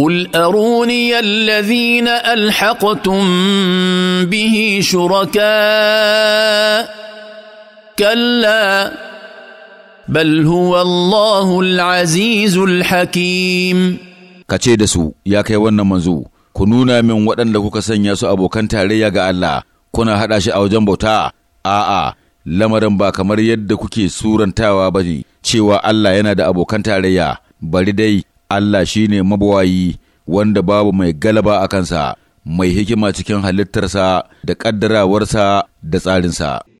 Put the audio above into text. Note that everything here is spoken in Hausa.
قل اروني الذين الحقتم به شركاء كلا بل هو الله العزيز الحكيم kace da su ya kai wannan manzo ku nuna min waɗanda kuka sanya su abokan tarayya ga Allah kuna haɗa shi a wajen bauta a'a lamarin ba kamar yadda kuke surantawa ne. cewa Allah yana da abokan tarayya bari dai Allah shi ne mabawayi wanda babu mai galaba a kansa, mai hikima cikin halittarsa da ƙaddarawarsa da tsarinsa.